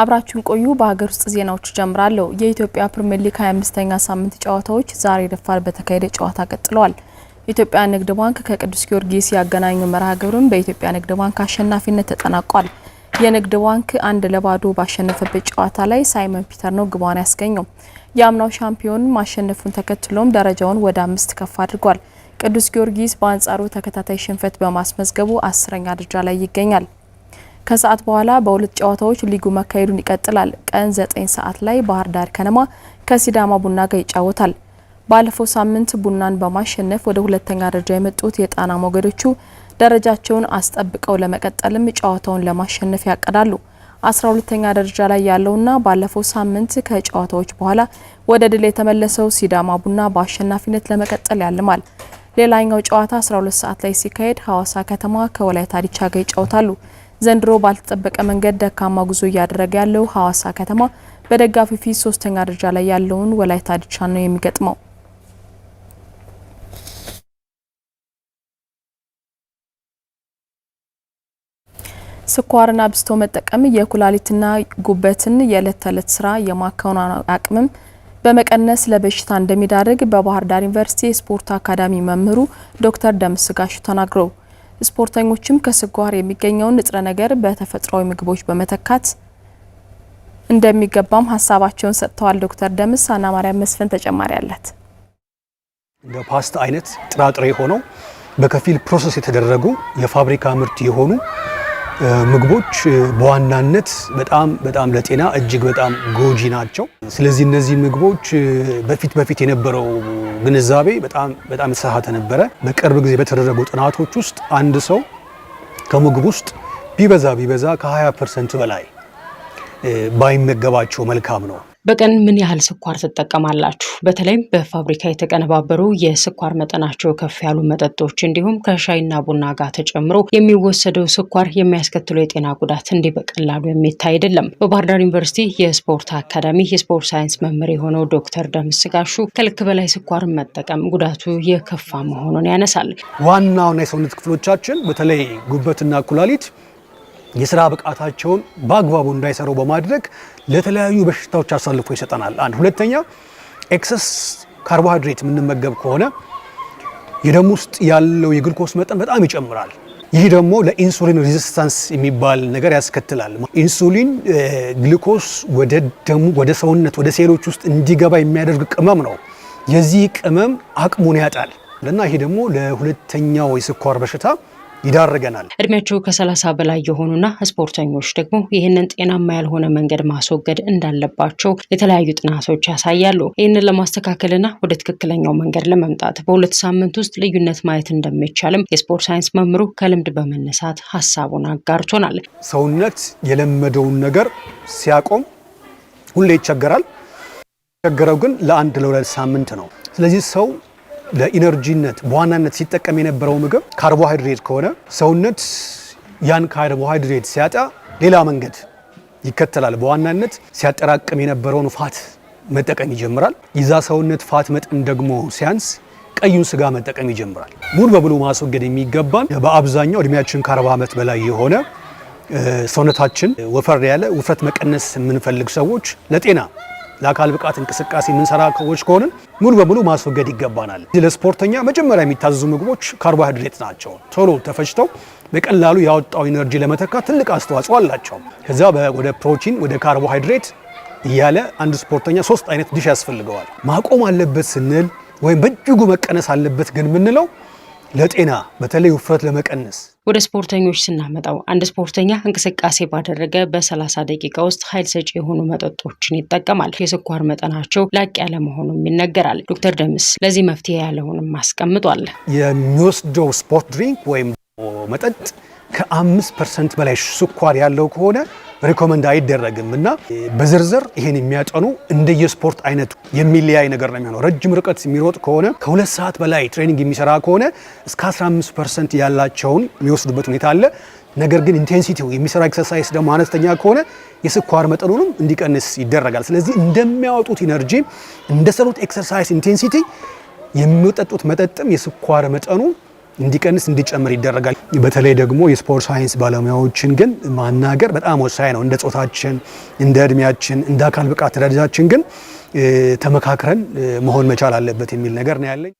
አብራችሁን ቆዩ። በሀገር ውስጥ ዜናዎች ጀምራለሁ። የኢትዮጵያ ፕሪምየር ሊግ 25ኛ ሳምንት ጨዋታዎች ዛሬ ረፋድ በተካሄደ ጨዋታ ቀጥለዋል። ኢትዮጵያ ንግድ ባንክ ከቅዱስ ጊዮርጊስ ያገናኙ መርሃ ግብርም በኢትዮጵያ ንግድ ባንክ አሸናፊነት ተጠናቋል። የንግድ ባንክ አንድ ለባዶ ባሸነፈበት ጨዋታ ላይ ሳይመን ፒተር ነው ግቧን ያስገኘው። የአምናው ሻምፒዮን ማሸነፉን ተከትሎም ደረጃውን ወደ አምስት ከፍ አድርጓል። ቅዱስ ጊዮርጊስ በአንጻሩ ተከታታይ ሽንፈት በማስመዝገቡ አስረኛ ደረጃ ላይ ይገኛል። ከሰዓት በኋላ በሁለት ጨዋታዎች ሊጉ መካሄዱን ይቀጥላል። ቀን 9 ሰዓት ላይ ባህር ዳር ከነማ ከሲዳማ ቡና ጋር ይጫወታል። ባለፈው ሳምንት ቡናን በማሸነፍ ወደ ሁለተኛ ደረጃ የመጡት የጣና ሞገዶቹ ደረጃቸውን አስጠብቀው ለመቀጠልም ጨዋታውን ለማሸነፍ ያቀዳሉ። 12ተኛ ደረጃ ላይ ያለውና ባለፈው ሳምንት ከጨዋታዎች በኋላ ወደ ድል የተመለሰው ሲዳማ ቡና በአሸናፊነት ለመቀጠል ያልማል። ሌላኛው ጨዋታ 12 ሰዓት ላይ ሲካሄድ ሐዋሳ ከተማ ከወላይታ ዲቻ ጋር ይጫወታሉ። ዘንድሮ ባልተጠበቀ መንገድ ደካማ ጉዞ እያደረገ ያለው ሐዋሳ ከተማ በደጋፊ ፊት ሶስተኛ ደረጃ ላይ ያለውን ወላይታ ድቻን ነው የሚገጥመው። ስኳርን አብዝቶ መጠቀም የኩላሊትና ጉበትን የዕለት ተዕለት ስራ የማከናወን አቅምም በመቀነስ ለበሽታ እንደሚዳርግ በባህር ዳር ዩኒቨርሲቲ የስፖርት አካዳሚ መምህሩ ዶክተር ደምስጋሹ ተናግረው ስፖርተኞችም ከስኳር የሚገኘውን ንጥረ ነገር በተፈጥሯዊ ምግቦች በመተካት እንደሚገባም ሀሳባቸውን ሰጥተዋል። ዶክተር ደምስ አና ማርያም መስፍን ተጨማሪ አላት። እንደ ፓስታ አይነት ጥራጥሬ ሆነው በከፊል ፕሮሰስ የተደረጉ የፋብሪካ ምርት የሆኑ ምግቦች በዋናነት በጣም በጣም ለጤና እጅግ በጣም ጎጂ ናቸው። ስለዚህ እነዚህ ምግቦች በፊት በፊት የነበረው ግንዛቤ በጣም በጣም የተሳሳተ ነበረ። በቅርብ ጊዜ በተደረጉ ጥናቶች ውስጥ አንድ ሰው ከምግብ ውስጥ ቢበዛ ቢበዛ ከ20 ፐርሰንት በላይ ባይመገባቸው መልካም ነው። በቀን ምን ያህል ስኳር ትጠቀማላችሁ? በተለይም በፋብሪካ የተቀነባበሩ የስኳር መጠናቸው ከፍ ያሉ መጠጦች እንዲሁም ከሻይና ቡና ጋር ተጨምሮ የሚወሰደው ስኳር የሚያስከትለው የጤና ጉዳት እንዲህ በቀላሉ የሚታይ አይደለም። በባህር ዳር ዩኒቨርሲቲ የስፖርት አካዳሚ የስፖርት ሳይንስ መምህር የሆነው ዶክተር ደምስ ጋሹ ከልክ በላይ ስኳርን መጠቀም ጉዳቱ የከፋ መሆኑን ያነሳል። ዋናውና የሰውነት ክፍሎቻችን በተለይ ጉበትና ኩላሊት የስራ ብቃታቸውን በአግባቡ እንዳይሰሩ በማድረግ ለተለያዩ በሽታዎች አሳልፎ ይሰጠናል። አንድ ሁለተኛ ኤክሰስ ካርቦሃይድሬት የምንመገብ ከሆነ የደም ውስጥ ያለው የግልኮስ መጠን በጣም ይጨምራል። ይህ ደግሞ ለኢንሱሊን ሪዚስታንስ የሚባል ነገር ያስከትላል። ኢንሱሊን ግልኮስ ወደ ደሙ ወደ ሰውነት ወደ ሴሎች ውስጥ እንዲገባ የሚያደርግ ቅመም ነው። የዚህ ቅመም አቅሙን ያጣል እና ይሄ ደግሞ ለሁለተኛው የስኳር በሽታ ይዳርገናል። እድሜያቸው ከሰላሳ በላይ የሆኑና ስፖርተኞች ደግሞ ይህንን ጤናማ ያልሆነ መንገድ ማስወገድ እንዳለባቸው የተለያዩ ጥናቶች ያሳያሉ። ይህንን ለማስተካከልና ወደ ትክክለኛው መንገድ ለመምጣት በሁለት ሳምንት ውስጥ ልዩነት ማየት እንደሚቻልም የስፖርት ሳይንስ መምሩ ከልምድ በመነሳት ሀሳቡን አጋርቶናል። ሰውነት የለመደውን ነገር ሲያቆም ሁሌ ይቸገራል። ቸገረው ግን ለአንድ ለሁለት ሳምንት ነው። ስለዚህ ሰው ለኢነርጂነት በዋናነት ሲጠቀም የነበረው ምግብ ካርቦሃይድሬት ከሆነ ሰውነት ያን ካርቦሃይድሬት ሲያጣ ሌላ መንገድ ይከተላል። በዋናነት ሲያጠራቅም የነበረውን ፋት መጠቀም ይጀምራል። ይዛ ሰውነት ፋት መጠን ደግሞ ሲያንስ ቀዩን ስጋ መጠቀም ይጀምራል። ሙሉ በሙሉ ማስወገድ የሚገባን በአብዛኛው እድሜያችን ከአርባ ዓመት በላይ የሆነ ሰውነታችን ወፈር ያለ ውፍረት መቀነስ የምንፈልግ ሰዎች ለጤና ለአካል ብቃት እንቅስቃሴ የምንሰራ ሰዎች ከሆንን ሙሉ በሙሉ ማስወገድ ይገባናል። ለስፖርተኛ መጀመሪያ የሚታዘዙ ምግቦች ካርቦሃይድሬት ናቸው። ቶሎ ተፈጭተው በቀላሉ ያወጣው ኢነርጂ ለመተካት ትልቅ አስተዋጽኦ አላቸው። ከዛ ወደ ፕሮቲን፣ ወደ ካርቦሃይድሬት እያለ አንድ ስፖርተኛ ሶስት አይነት ዲሽ ያስፈልገዋል። ማቆም አለበት ስንል ወይም በእጅጉ መቀነስ አለበት ግን የምንለው ለጤና በተለይ ውፍረት ለመቀነስ ወደ ስፖርተኞች ስናመጣው አንድ ስፖርተኛ እንቅስቃሴ ባደረገ በሰላሳ ደቂቃ ውስጥ ኃይል ሰጪ የሆኑ መጠጦችን ይጠቀማል። የስኳር መጠናቸው ላቅ ያለ መሆኑም ይነገራል። ዶክተር ደምስ ለዚህ መፍትሄ ያለውንም አስቀምጧል። የሚወስደው ስፖርት ድሪንክ ወይም መጠጥ ከአምስት ፐርሰንት በላይ ስኳር ያለው ከሆነ ሪኮመንድ አይደረግም እና በዝርዝር ይሄን የሚያጠኑ እንደየስፖርት አይነቱ የሚለያይ ነገር ነው የሚሆነው። ረጅም ርቀት የሚሮጥ ከሆነ ከሁለት ሰዓት በላይ ትሬኒንግ የሚሰራ ከሆነ እስከ 15 ፐርሰንት ያላቸውን የሚወስዱበት ሁኔታ አለ። ነገር ግን ኢንቴንሲቲው የሚሰራ ኤክሰርሳይስ ደግሞ አነስተኛ ከሆነ የስኳር መጠኑንም እንዲቀንስ ይደረጋል። ስለዚህ እንደሚያወጡት ኢነርጂ እንደሰሩት ኤክሰርሳይስ ኢንቴንሲቲ የሚጠጡት መጠጥም የስኳር መጠኑ እንዲቀንስ እንዲጨምር ይደረጋል። በተለይ ደግሞ የስፖርት ሳይንስ ባለሙያዎችን ግን ማናገር በጣም ወሳኝ ነው። እንደ ጾታችን፣ እንደ እድሜያችን፣ እንደ አካል ብቃት ደረጃችን ግን ተመካክረን መሆን መቻል አለበት የሚል ነገር ነው ያለኝ።